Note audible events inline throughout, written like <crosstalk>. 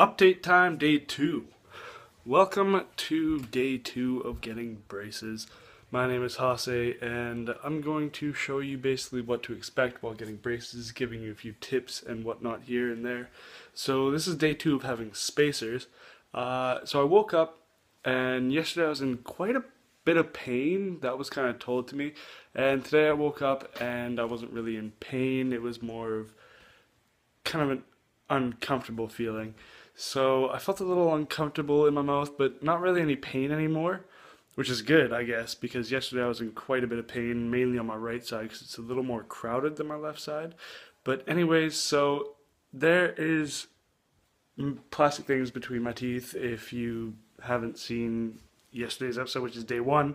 Update time, day two. Welcome to day two of getting braces. My name is Hase, and I'm going to show you basically what to expect while getting braces, giving you a few tips and whatnot here and there. So this is day two of having spacers. Uh, so I woke up, and yesterday I was in quite a bit of pain. That was kind of told to me. And today I woke up, and I wasn't really in pain. It was more of kind of an uncomfortable feeling. So I felt a little uncomfortable in my mouth, but not really any pain anymore, which is good, I guess, because yesterday I was in quite a bit of pain, mainly on my right side because it's a little more crowded than my left side. But, anyways, so there is plastic things between my teeth. If you haven't seen yesterday's episode, which is day one,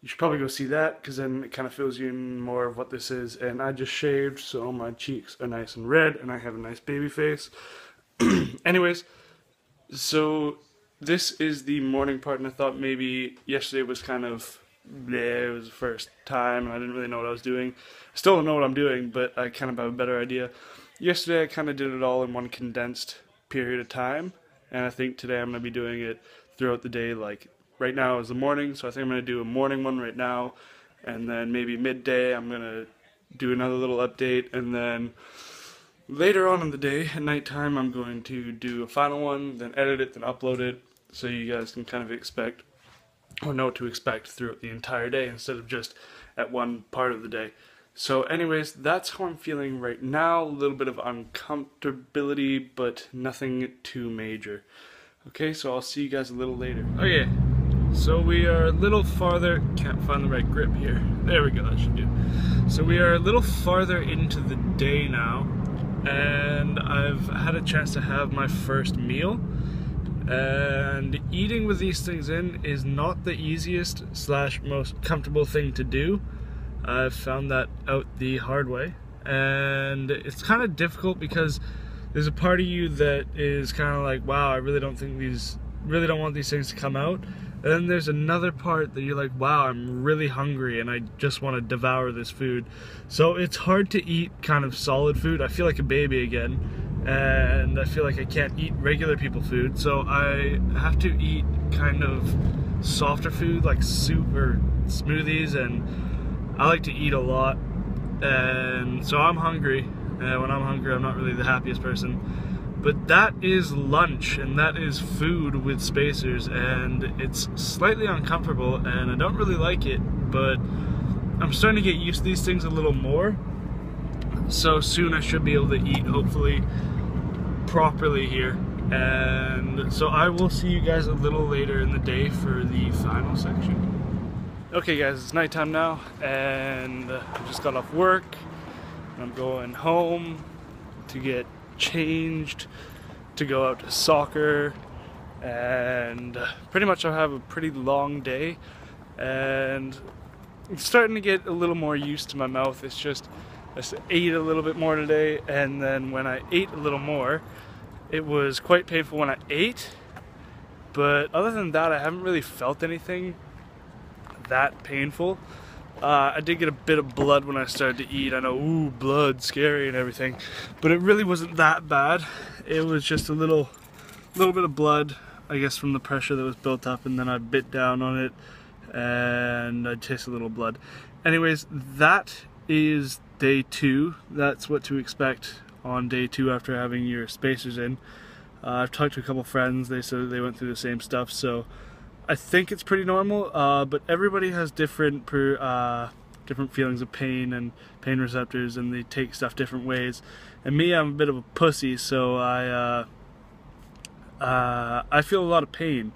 you should probably go see that because then it kind of fills you in more of what this is. And I just shaved, so my cheeks are nice and red, and I have a nice baby face. <clears throat> Anyways, so this is the morning part, and I thought maybe yesterday was kind of yeah, it was the first time, and I didn't really know what I was doing. I still don't know what I'm doing, but I kind of have a better idea. Yesterday, I kind of did it all in one condensed period of time, and I think today I'm going to be doing it throughout the day. Like right now is the morning, so I think I'm going to do a morning one right now, and then maybe midday I'm going to do another little update, and then Later on in the day, at nighttime, I'm going to do a final one, then edit it, then upload it, so you guys can kind of expect or know what to expect throughout the entire day instead of just at one part of the day. So anyways, that's how I'm feeling right now. A little bit of uncomfortability, but nothing too major. Okay, so I'll see you guys a little later. Okay, so we are a little farther, can't find the right grip here. There we go, that should do. So we are a little farther into the day now and I've had a chance to have my first meal. And eating with these things in is not the easiest slash most comfortable thing to do. I've found that out the hard way. And it's kind of difficult because there's a part of you that is kind of like, wow, I really don't think these, really don't want these things to come out. And then there's another part that you're like, wow, I'm really hungry and I just want to devour this food. So it's hard to eat kind of solid food. I feel like a baby again. And I feel like I can't eat regular people food. So I have to eat kind of softer food like soup or smoothies. And I like to eat a lot. And so I'm hungry. And when I'm hungry, I'm not really the happiest person. But that is lunch and that is food with spacers, and it's slightly uncomfortable, and I don't really like it, but I'm starting to get used to these things a little more. So soon I should be able to eat, hopefully, properly here. And so I will see you guys a little later in the day for the final section. Okay guys, it's nighttime now and I just got off work. I'm going home to get changed to go out to soccer and pretty much I have a pretty long day and I'm starting to get a little more used to my mouth. It's just I ate a little bit more today and then when I ate a little more it was quite painful when I ate but other than that I haven't really felt anything that painful. Uh, I did get a bit of blood when I started to eat. I know, ooh, blood, scary and everything, but it really wasn't that bad. It was just a little, little bit of blood, I guess, from the pressure that was built up, and then I bit down on it, and I tasted a little blood. Anyways, that is day two. That's what to expect on day two after having your spacers in. Uh, I've talked to a couple friends. They said they went through the same stuff, so. I think it's pretty normal, uh, but everybody has different per, uh, different feelings of pain and pain receptors, and they take stuff different ways. And me, I'm a bit of a pussy, so I uh, uh I feel a lot of pain.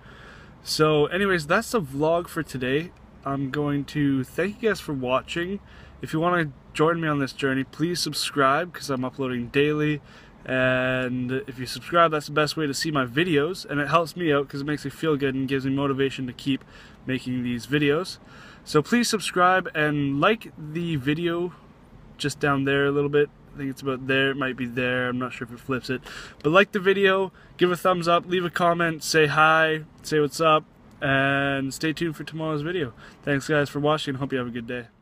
So, anyways, that's the vlog for today. I'm going to thank you guys for watching. If you want to join me on this journey, please subscribe because I'm uploading daily and if you subscribe, that's the best way to see my videos, and it helps me out because it makes me feel good and gives me motivation to keep making these videos. So please subscribe and like the video just down there a little bit. I think it's about there, it might be there, I'm not sure if it flips it. But like the video, give a thumbs up, leave a comment, say hi, say what's up, and stay tuned for tomorrow's video. Thanks guys for watching, hope you have a good day.